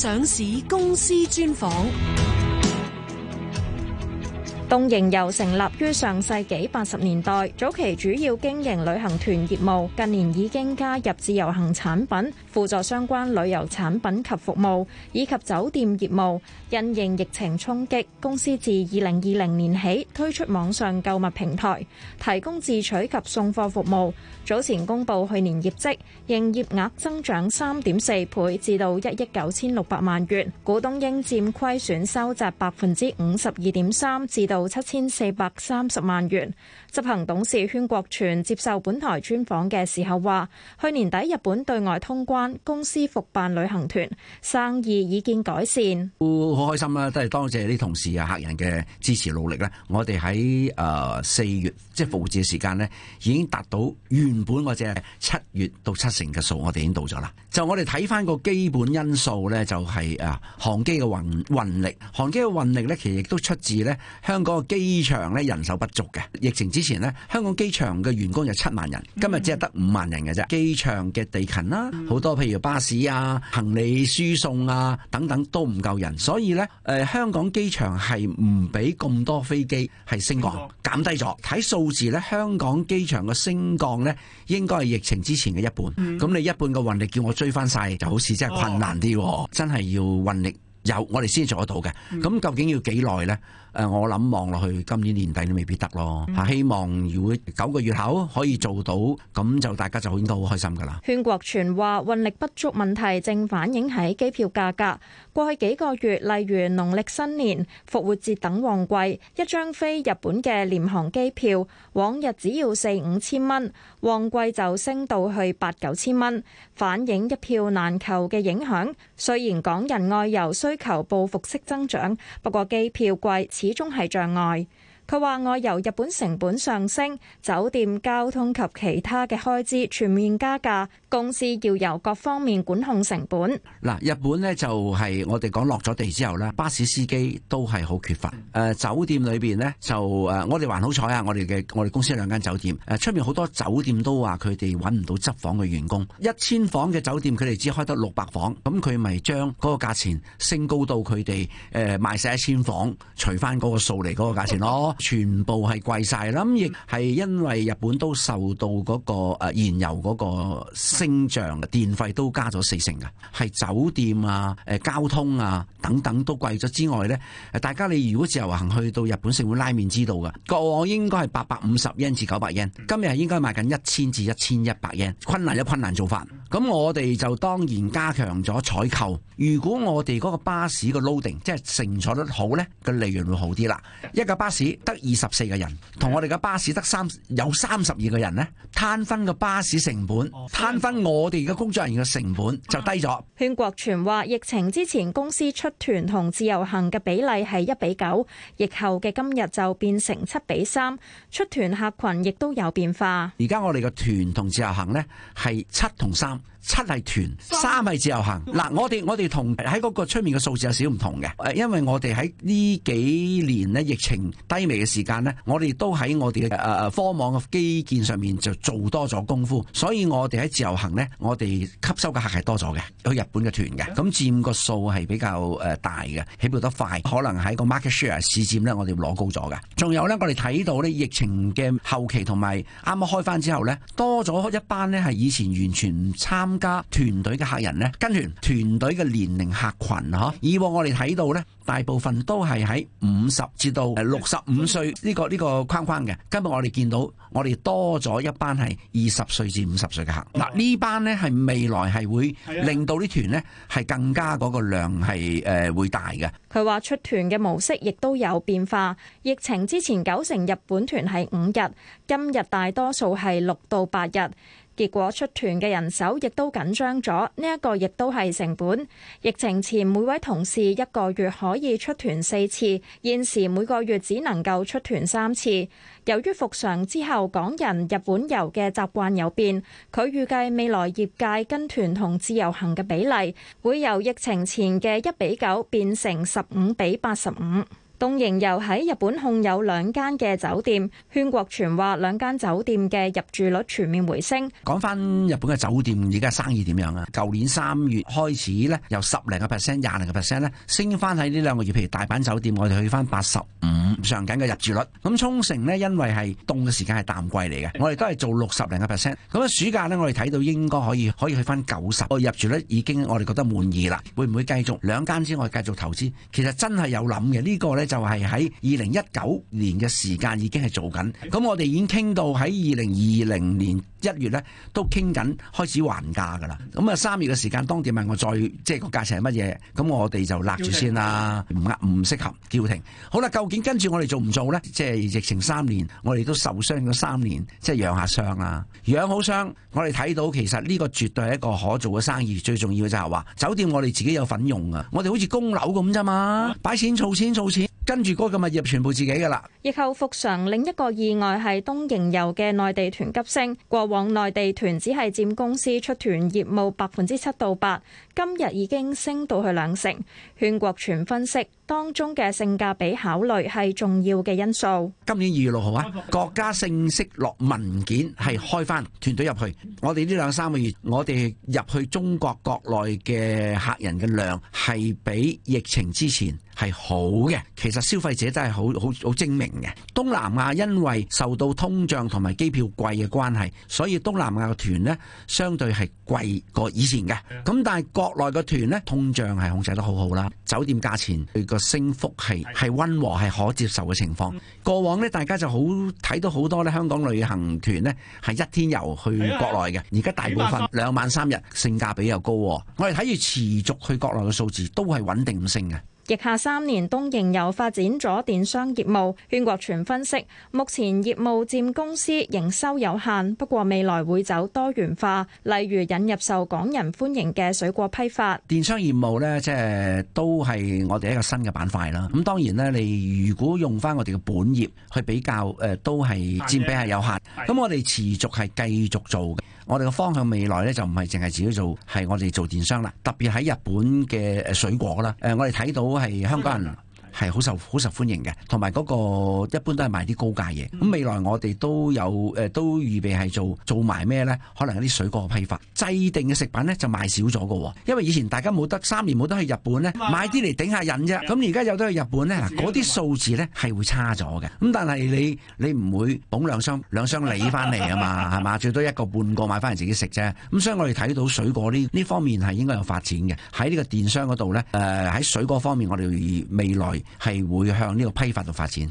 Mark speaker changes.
Speaker 1: 上市公司專訪。東瀛遊成立於上世紀八十年代早期，主要經營旅行團業務，近年已經加入自由行產品、輔助相關旅遊產品及服務以及酒店業務。因應疫情衝擊，公司自2020年起推出網上購物平台，提供自取及送貨服務。早前公佈去年業績，營業額增長三點四倍至到一億九千六百萬元，股東應佔虧損收窄百分之五十二點三至到到七千四百三十萬元。執行董事褟國全接受本台專訪嘅時候話，去年底日本對外通關，公司復辦旅行團，生意已見改善。
Speaker 2: 好開心啊！都係多謝啲同事啊、客人嘅支持努力咧。我哋喺誒四月即係復活節嘅時間咧，已經達到原本我只係七月到七成嘅數，我哋已經到咗啦。就我哋睇翻個基本因素咧，就係誒航機嘅運運力，航機嘅運力咧，其實亦都出自咧香港。個機場咧，人手不足嘅，疫情之前呢，香港機場嘅員工有七萬人，今日只係得五萬人嘅啫。機場嘅地勤啦，好多譬如巴士啊、行李輸送啊等等都唔夠人，所以呢，誒、呃，香港機場係唔俾咁多飛機係升降減低咗。睇數字呢，香港機場嘅升降呢應該係疫情之前嘅一半。咁你一半嘅運力叫我追翻晒，就好似真係困難啲，真係要運力有我哋先做得到嘅。咁究竟要幾耐呢？誒，我諗望落去，今年年底都未必得咯。嚇，希望如果九個月後可以做到，咁就大家就應該好開心㗎啦。
Speaker 1: 褟國全話運力不足問題正反映喺機票價格。過去幾個月，例如農曆新年、復活節等旺季，一張飛日本嘅廉航機票，往日只要四五千蚊，5, 旺季就升到去八九千蚊，9, 反映一票難求嘅影響。雖然港人外遊需求報復式增長，不過機票貴，始終係障礙。佢話：外遊日本成本上升，酒店、交通及其他嘅開支全面加價。公司要由各方面管控成本。
Speaker 2: 嗱，日本呢，就係我哋講落咗地之後咧，巴士司機都係好缺乏。誒、呃，酒店裏邊呢，就誒，我哋還好彩啊！我哋嘅我哋公司有兩間酒店，誒、呃、出面好多酒店都話佢哋揾唔到執房嘅員工，一千房嘅酒店佢哋只開得六百房，咁佢咪將嗰個價錢升高到佢哋誒賣晒一千房，除翻嗰個數嚟嗰個價錢咯， 全部係貴晒啦。咁亦係因為日本都受到嗰個誒燃油嗰個。升漲嘅電費都加咗四成嘅，係酒店啊、誒交通啊等等都貴咗之外呢，大家你如果自由行去到日本，食碗拉麵知道嘅，過往應該係八百五十 yen 至九百 yen，今日應該賣緊一千至一千一百 yen，困難有困難做法，咁我哋就當然加強咗採購。如果我哋嗰個巴士嘅 loading，即係乘坐得好呢，個利潤會好啲啦。一架巴士得二十四個人，同我哋嘅巴士得三有三十二個人呢，攤分個巴士成本，攤、哦、分。我哋嘅工作人員嘅成本就低咗。
Speaker 1: 褟國全話：疫情之前公司出團同自由行嘅比例係一比九，疫後嘅今日就變成七比三。出團客群亦都有變化。
Speaker 2: 而家我哋嘅團同自由行呢，係七同三，七係團，三係自由行。嗱，我哋我哋同喺嗰個出面嘅數字有少少唔同嘅，因為我哋喺呢幾年咧疫情低微嘅時間呢，我哋都喺我哋嘅誒誒科網嘅基建上面就做多咗功夫，所以我哋喺自由行行咧，我哋吸收嘅客係多咗嘅，有日本嘅團嘅，咁佔個數係比較誒大嘅，起步得快，可能喺個 market share 市佔咧，我哋攞高咗嘅。仲有咧，我哋睇到咧，疫情嘅後期同埋啱啱開翻之後咧，多咗一班咧係以前完全唔參加團隊嘅客人咧跟團團隊嘅年齡客群吓、啊、以往我哋睇到咧，大部分都係喺五十至到六十五歲呢個呢、呢個框框嘅，今日我哋見到我哋多咗一班係二十歲至五十歲嘅客嗱呢。Oh. 呢班呢係未來係會令到呢團呢係更加嗰個量係誒會大嘅。
Speaker 1: 佢話出團嘅模式亦都有變化。疫情之前九成日本團係五日，今日大多數係六到八日。結果出團嘅人手亦都緊張咗，呢一個亦都係成本。疫情前每位同事一個月可以出團四次，現時每個月只能夠出團三次。由於復常之後，港人日本遊嘅習慣有變，佢預計未來業界跟團同自由行嘅比例會由疫情前嘅一比九變成十五比八十五。東瀛遊喺日本控有兩間嘅酒店，褟國全話兩間酒店嘅入住率全面回升。
Speaker 2: 講翻日本嘅酒店，而家生意點樣啊？舊年三月開始咧，由十零個 percent、廿零個 percent 咧，升翻喺呢兩個月。譬如大阪酒店，我哋去翻八十五上緊嘅入住率。咁沖繩呢，因為係凍嘅時間係淡季嚟嘅，我哋都係做六十零個 percent。咁啊暑假呢，我哋睇到應該可以可以去翻九十。個入住率已經我哋覺得滿意啦。會唔會繼續兩間之外繼續投資？其實真係有諗嘅、這個、呢個咧。就係喺二零一九年嘅時間已經係做緊，咁我哋已經傾到喺二零二零年一月呢，都傾緊開始還價㗎啦。咁啊三月嘅時間，當店問我再即係個價錢係乜嘢，咁我哋就擸住先啦，唔壓唔適合叫停。好啦，究竟跟住我哋做唔做呢？即係疫情三年，我哋都受傷咗三年，即係養下傷啦、啊。養好傷，我哋睇到其實呢個絕對係一個可做嘅生意。最重要嘅就係話酒店，我哋自己有份用啊，我哋好似供樓咁咋嘛，擺錢儲錢儲錢。跟住嗰個物業全部自己嘅啦，
Speaker 1: 疫後復常。另一個意外係東瀛遊嘅內地團急升，過往內地團只係佔公司出團業務百分之七到八，今日已經升到去兩成。褟國全分析。當中嘅性價比考慮係重要嘅因素。
Speaker 2: 今年二月六號啊，嗯、國家正式落文件係開返團隊入去。我哋呢兩三個月，我哋入去中國國內嘅客人嘅量係比疫情之前係好嘅。其實消費者真係好好好精明嘅。東南亞因為受到通脹同埋機票貴嘅關係，所以東南亞嘅團呢，相對係貴過以前嘅。咁但係國內嘅團呢，通脹係控制得好好啦，酒店價錢升幅係係溫和係可接受嘅情況。過往呢，大家就好睇到好多咧，香港旅行團呢係一天遊去國內嘅。而家大部分兩晚三日，性價比又高。我哋睇住持續去國內嘅數字，都係穩定咁升嘅。
Speaker 1: 疫下三年，東瀛遊發展咗電商業務。褟國全分析，目前業務佔公司營收有限，不過未來會走多元化，例如引入受港人歡迎嘅水果批發
Speaker 2: 電商業務呢，即係都係我哋一個新嘅板塊啦。咁當然咧，你如果用返我哋嘅本業去比較，誒都係佔比係有限。咁我哋持續係繼續做嘅。我哋嘅方向未來呢，就唔係淨係自己做，係我哋做電商啦。特別喺日本嘅水果啦，我哋睇到係香港人，係好受好受歡迎嘅，同埋嗰個一般都係賣啲高價嘢。咁未來我哋都有、呃、都預備係做做埋咩呢？可能啲水果批發，製定嘅食品呢，就賣少咗喎。因為以前大家冇得三年冇得去日本呢，買啲嚟頂下癮啫。咁而家有得去日本呢，嗰啲數字呢係會差咗嘅。咁但係你你唔會捧兩箱兩箱梨翻嚟啊嘛？係嘛？ 最多一個半個買翻嚟自己食啫。咁所以我哋睇到水果呢呢方面係應該有發展嘅。喺呢個電商嗰度呢，喺、呃、水果方面，我哋未來係會向呢個批發度發展。